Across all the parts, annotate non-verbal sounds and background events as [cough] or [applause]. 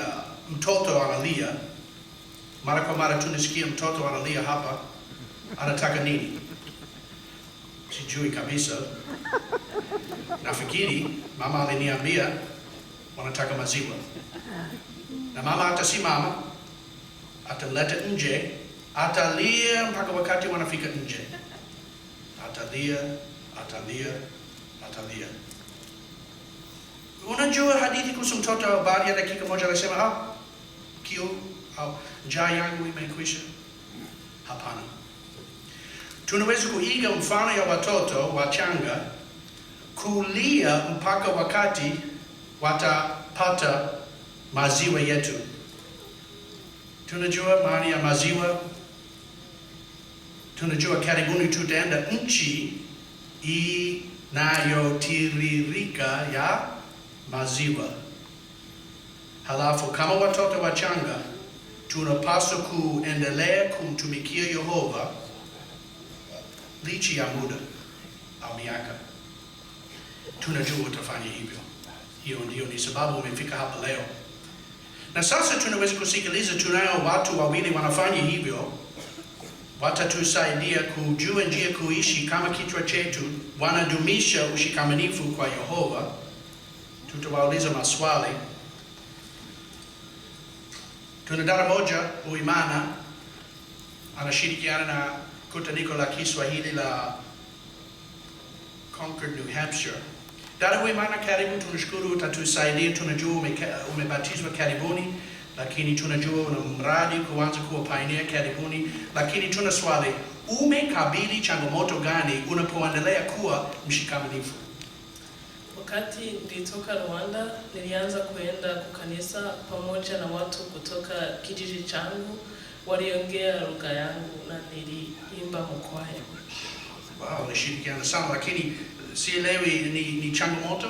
uh, mtoto analia mara kwa mara, tunasikia mtoto analia hapa, anataka nini? Sijui kabisa. Nafikiri mama aliniambia wanataka maziwa, na mama atasimama, ataleta nje, atalia mpaka wakati wanafika nje, atalia, atalia, atalia. Unajua hadithi kuhusu mtoto baada ya dakika moja anasema ah, kiu au njaa yangu imekwisha? Hapana. Tunaweza kuiga mfano ya watoto wachanga kulia mpaka wakati watapata maziwa yetu. Tunajua maana ya maziwa. Tunajua karibuni tutaenda nchi inayotiririka ya maziwa. Halafu kama watoto wachanga, tunapaswa kuendelea kumtumikia Yehova lichi ya muda au miaka. Tunajua utafanya hivyo. Hiyo ndio ni sababu umefika hapa leo, na sasa tunaweza kusikiliza. tunayo watu wawili wanafanya hivyo, watatusaidia kujua njia kuishi kama kichwa chetu, wanadumisha ushikamanifu kwa Yehova tutawauliza maswali. Tuna dada moja Uimana anashirikiana na kutaniko la Kiswahili la Concord, New Hampshire. Dada Uimana, karibu, tunashukuru utatusaidia. Tunajua umebatizwa karibuni, lakini tunajua una mradi kuanza kuwa pioneer karibuni, lakini tuna swali, umekabili changamoto gani unapoendelea kuwa mshikamanifu? Wakati nilitoka Rwanda, nilianza kuenda kukanisa pamoja na watu kutoka kijiji changu, waliongea lugha yangu na niliimba mkwaya. Wow, nishirikiana sana lakini sielewi ni, ni changamoto.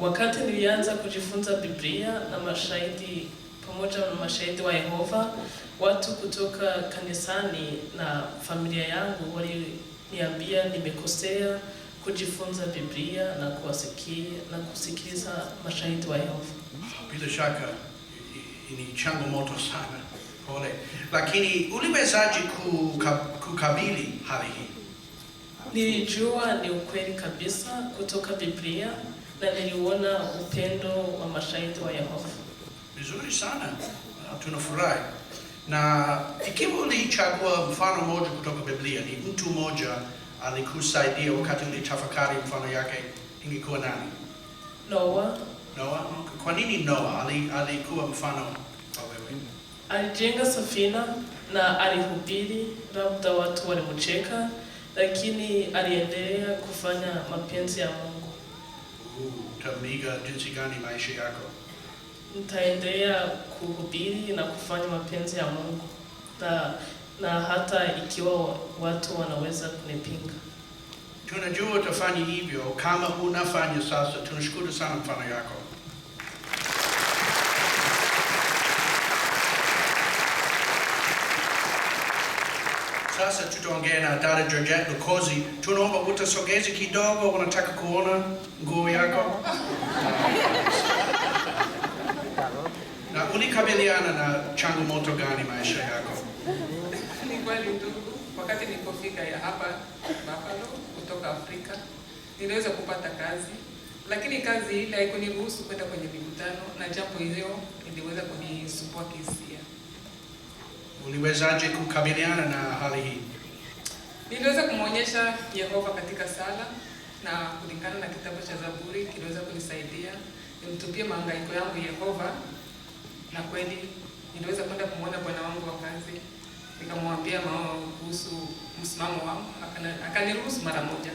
Wakati nilianza kujifunza Biblia na mashahidi pamoja na mashahidi wa Yehova, watu kutoka kanisani na familia yangu waliniambia nimekosea kujifunza Biblia na kuwasikia na kusikiliza mashahidi wa Yehova. Bila shaka ni changamoto sana pole, lakini uliwezaje kukabili hali hii? Nilijua ni ukweli kabisa kutoka Biblia na niliona upendo wa mashahidi wa Yehova. Vizuri sana, ah, tunafurahi na ikiwa ulichagua mfano mmoja kutoka Biblia, ni mtu mmoja alikusaidia wakati ulitafakari mfano yake ingekuwa nani? Noa. Noa. Kwa nini Noa alikuwa mfano kwa wewe? Alijenga safina na alihubiri, labda watu walimcheka, lakini aliendelea kufanya mapenzi ya Mungu. Utamiga jinsi gani maisha yako? Nitaendelea kuhubiri na kufanya mapenzi ya Mungu na na hata ikiwa watu wanaweza kunipinga. Tunajua utafanya hivyo kama unafanya sasa. Tunashukuru sana mfano yako. Sasa tutaongea na dada Georgette Lukozi. Tunaomba utasogezi kidogo, unataka kuona nguo yako [laughs] na ulikabiliana na changamoto gani maisha yako? ndugu, wakati nilipofika ya hapa Buffalo kutoka Afrika niliweza kupata kazi, lakini kazi ile haikuniruhusu kwenda kwenye mikutano, na jambo hilo iliweza kunisumbua kihisia. Uliwezaje kukabiliana na hali hii? Niliweza kumwonyesha Yehova katika sala, na kulingana na kitabu cha Zaburi kiliweza kunisaidia nimtupie mahangaiko yangu Yehova, na kweli niliweza kwenda kumwona bwana wangu wa kazi nikamwambia mama kuhusu msimamo wangu, akaniruhusu mara moja.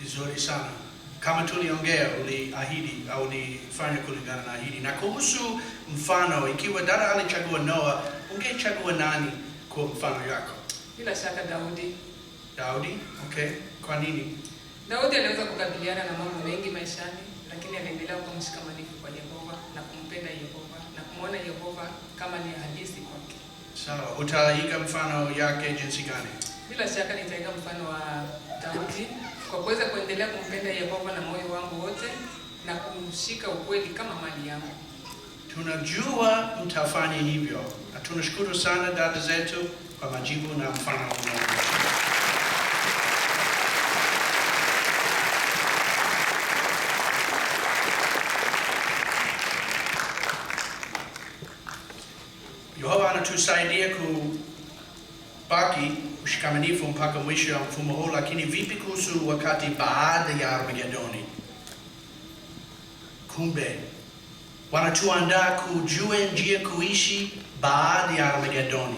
Vizuri sana. Kama tuliongea, uliahidi au ulifanya kulingana na ahidi. Na kuhusu mfano, ikiwa dada alichagua Noa, ungechagua nani kwa mfano yako? Bila shaka Daudi. Daudi, okay. Kwa nini? Daudi aliweza kukabiliana na mambo mengi maishani, lakini aliendelea kuwa mshikamanifu kwa Yehova na kumpenda Yehova na kumwona Yehova kama ni halisi kwake. Sawa, utaiga mfano yake jinsi gani? Bila shaka nitaiga mfano wa Daudi kwa kuweza kuendelea kumpenda Yehova na moyo wangu wote na kumshika ukweli kama mali yangu. Tunajua mtafanya hivyo, na tunashukuru sana dada zetu kwa majibu na mfano. kusaidia kubaki ushikamanifu mpaka mwisho ya mfumo huu, lakini vipi kuhusu wakati baada ya Armagedoni? Kumbe wanatuandaa kujue njia kuishi baada ya Armagedoni.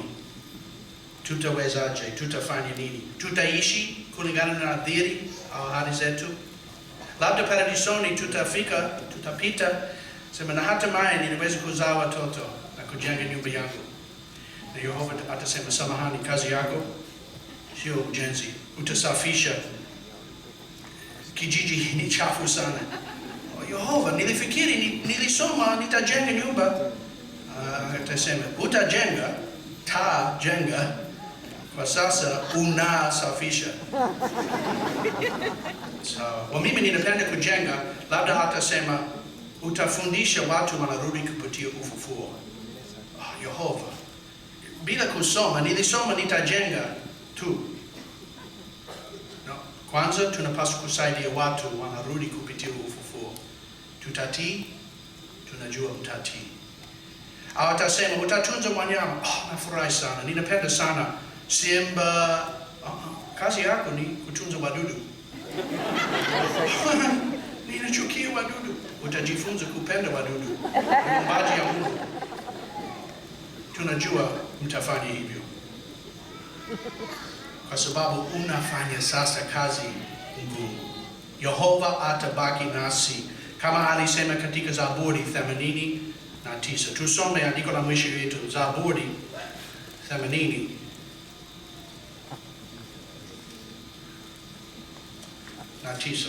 Tutawezaje? Tutafanya nini? Tutaishi kulingana na dhiri au hali zetu? Labda paradisoni tutafika, tutapita sema, na hatimaye ninaweza kuzaa watoto na kujenga nyumba yangu. Yehova atasema samahani, kazi yako sio ujenzi, utasafisha kijiji [laughs] ni chafu sana. Oh, Yehova, nilifikiri nilisoma nitajenga nyumba. Ah, atasema utajenga ta jenga, kwa sasa unasafisha. So, [laughs] mimi ninapenda kujenga, labda hatasema utafundisha watu wanarudi kupitia ufufuo. Oh, Yehova bila kusoma, nilisoma nitajenga tu. No, kwanza tunapaswa kusaidia watu wanarudi kupitia ufufuo. Tutatii, tunajua mtatii. awatasema utatunza mwanyama Oh, nafurahi sana, ninapenda sana simba. Oh, kazi yako ni kutunza wadudu [laughs] ninachukia wadudu. Utajifunza kupenda wadudu, mbaji ya Mungu tunajua mtafanya hivyo, kwa sababu unafanya sasa kazi ngumu. Yehova atabaki nasi kama alisema katika Zaburi 89. Tusome andiko la mwisho yetu, Zaburi 80 na tisa.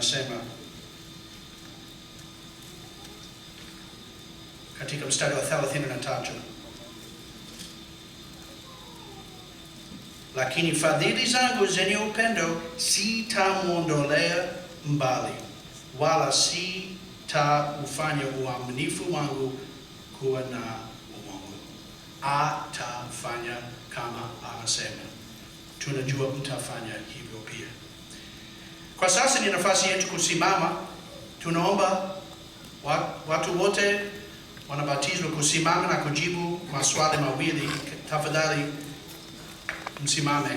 anasema katika mstari wa 33, lakini fadhili zangu zenye upendo sitamwondolea mbali, wala sitaufanya uaminifu wangu kuwa na uongo. Atafanya kama anasema. Tunajua mtafanya hivyo pia. Kwa sasa ni nafasi yetu kusimama. Tunaomba watu wote wanabatizwa kusimama na kujibu maswali mawili. Tafadhali msimame.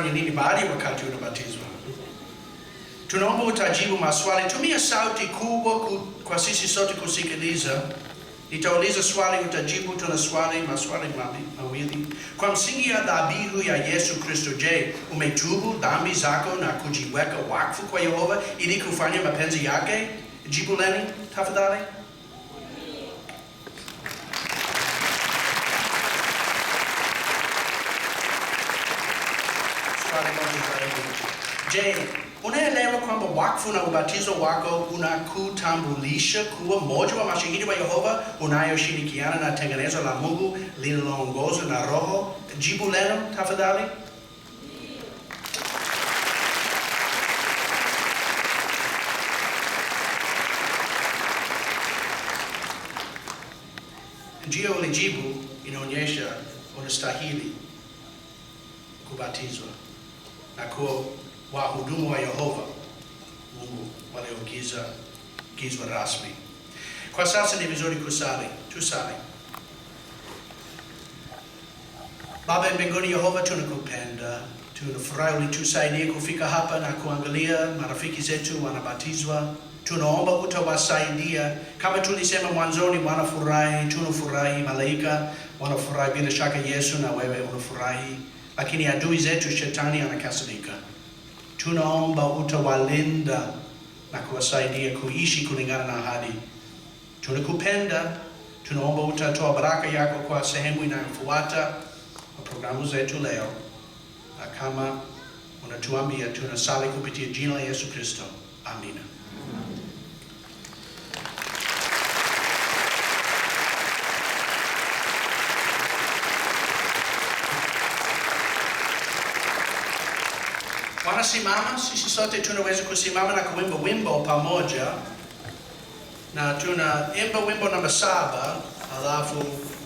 utafanya nini baada ya wakati unabatizwa? Tunaomba utajibu maswali, tumia sauti kubwa ku, kwa sisi sote kusikiliza. Nitauliza swali, utajibu. Tuna swali maswali mawili kwa msingi ya dhabihu ya Yesu Kristo. Je, umetubu dhambi zako na kujiweka wakfu kwa Yehova ili kufanya mapenzi yake? Jibu leni tafadhali. Je, unaelewa kwamba wakfu na ubatizo wako unakutambulisha kuwa mmoja wa mashahidi wa Yehova unayoshirikiana na tengenezo la Mungu lililoongozwa na Roho? Jibu leno tafadhali. Njia ulijibu inaonyesha unastahili kubatizwa na kuwa wahudumu wa Yehova Mungu gizwa rasmi. Kwa sasa ni vizuri kusali, tusali. Baba mbinguni, Yehova, tunakupenda, tunafurahi ulitusaidie kufika hapa na kuangalia marafiki zetu wanabatizwa. Tunaomba utawasaidia kama tulisema mwanzoni, wanafurahi, tunafurahi, malaika wanafurahi, bila shaka Yesu na wewe unafurahi lakini adui zetu shetani anakasirika. Tunaomba utawalinda na kuwasaidia kuishi kulingana na ahadi. Tunakupenda, tunaomba utatoa baraka yako kwa sehemu inayofuata kwa programu zetu leo, na kama unatuambia tunasali kupitia jina la Yesu Kristo, amina. wanasimama, sisi sote tunaweza kusimama na kuimba wimbo pamoja, na tunaimba wimbo namba saba, alafu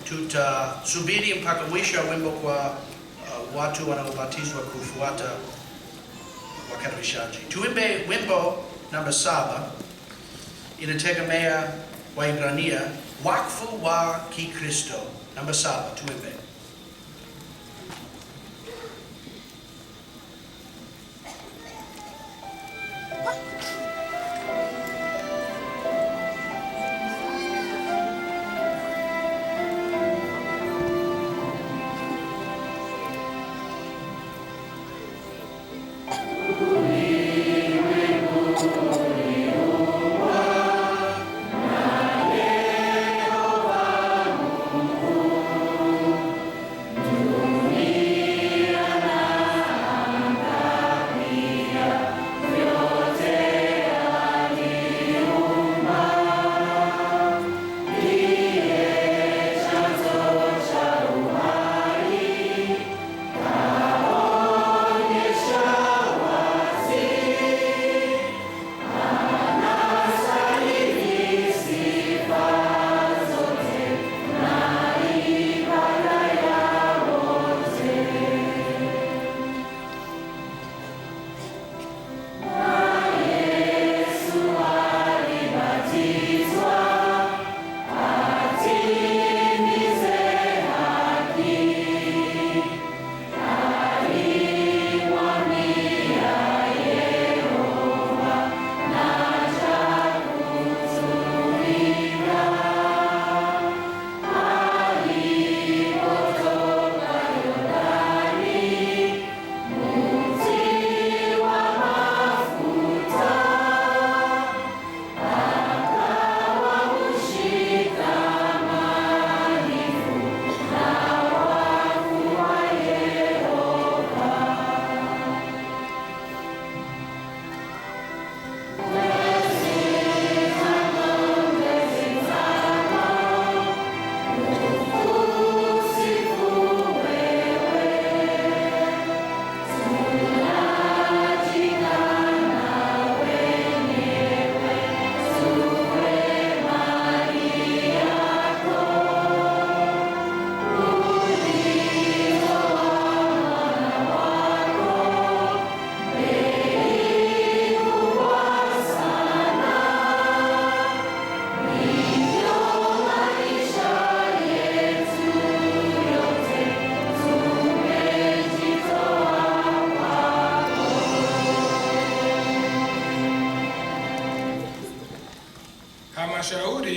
tutasubiri mpaka mwisho wa wimbo kwa uh, watu wanaobatizwa kufuata wakaribishaji. Tuimbe wimbo namba saba, inategemea Waibrania, wakfu wa Kikristo. Namba saba, tuimbe.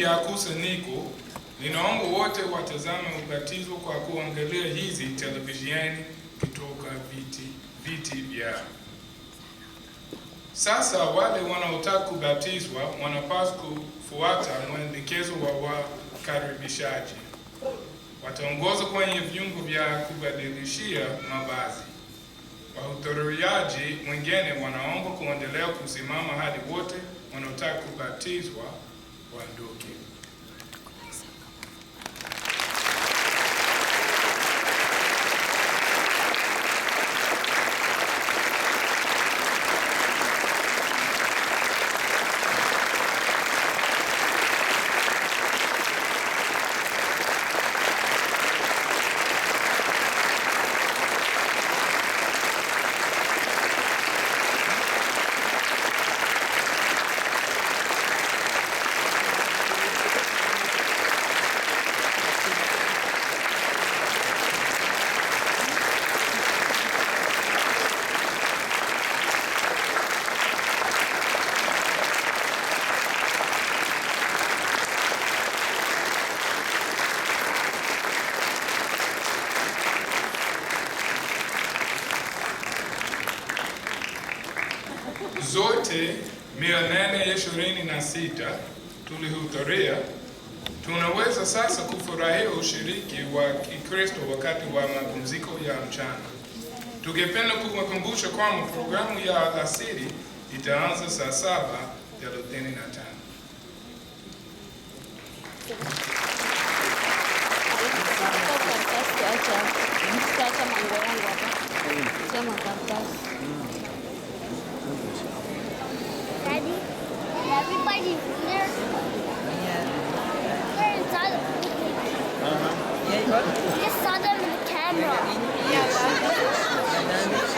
ya kusanyiko, ninaomba wote watazame ubatizo kwa kuangalia hizi televisheni kutoka viti viti vya. Sasa wale wanaotaka kubatizwa wanapaswa kufuata mwelekezo wa wakaribishaji. Wataongoza kwenye vyungu vya kubadilishia mavazi. Wahudhuriaji wengine wanaomba kuendelea kusimama hadi wote wanaotaka kubatizwa Why do a zote 826 tulihudhuria, tunaweza sasa kufurahia ushiriki wa Kikristo wakati wa mapumziko ya mchana. Tungependa kuwakumbusha kwamba programu ya alasiri itaanza saa saba ya thelathini na tano. Yeah. They're inside the Uh-huh. Yeah, you got it? Just saw them in the camera. Yeah,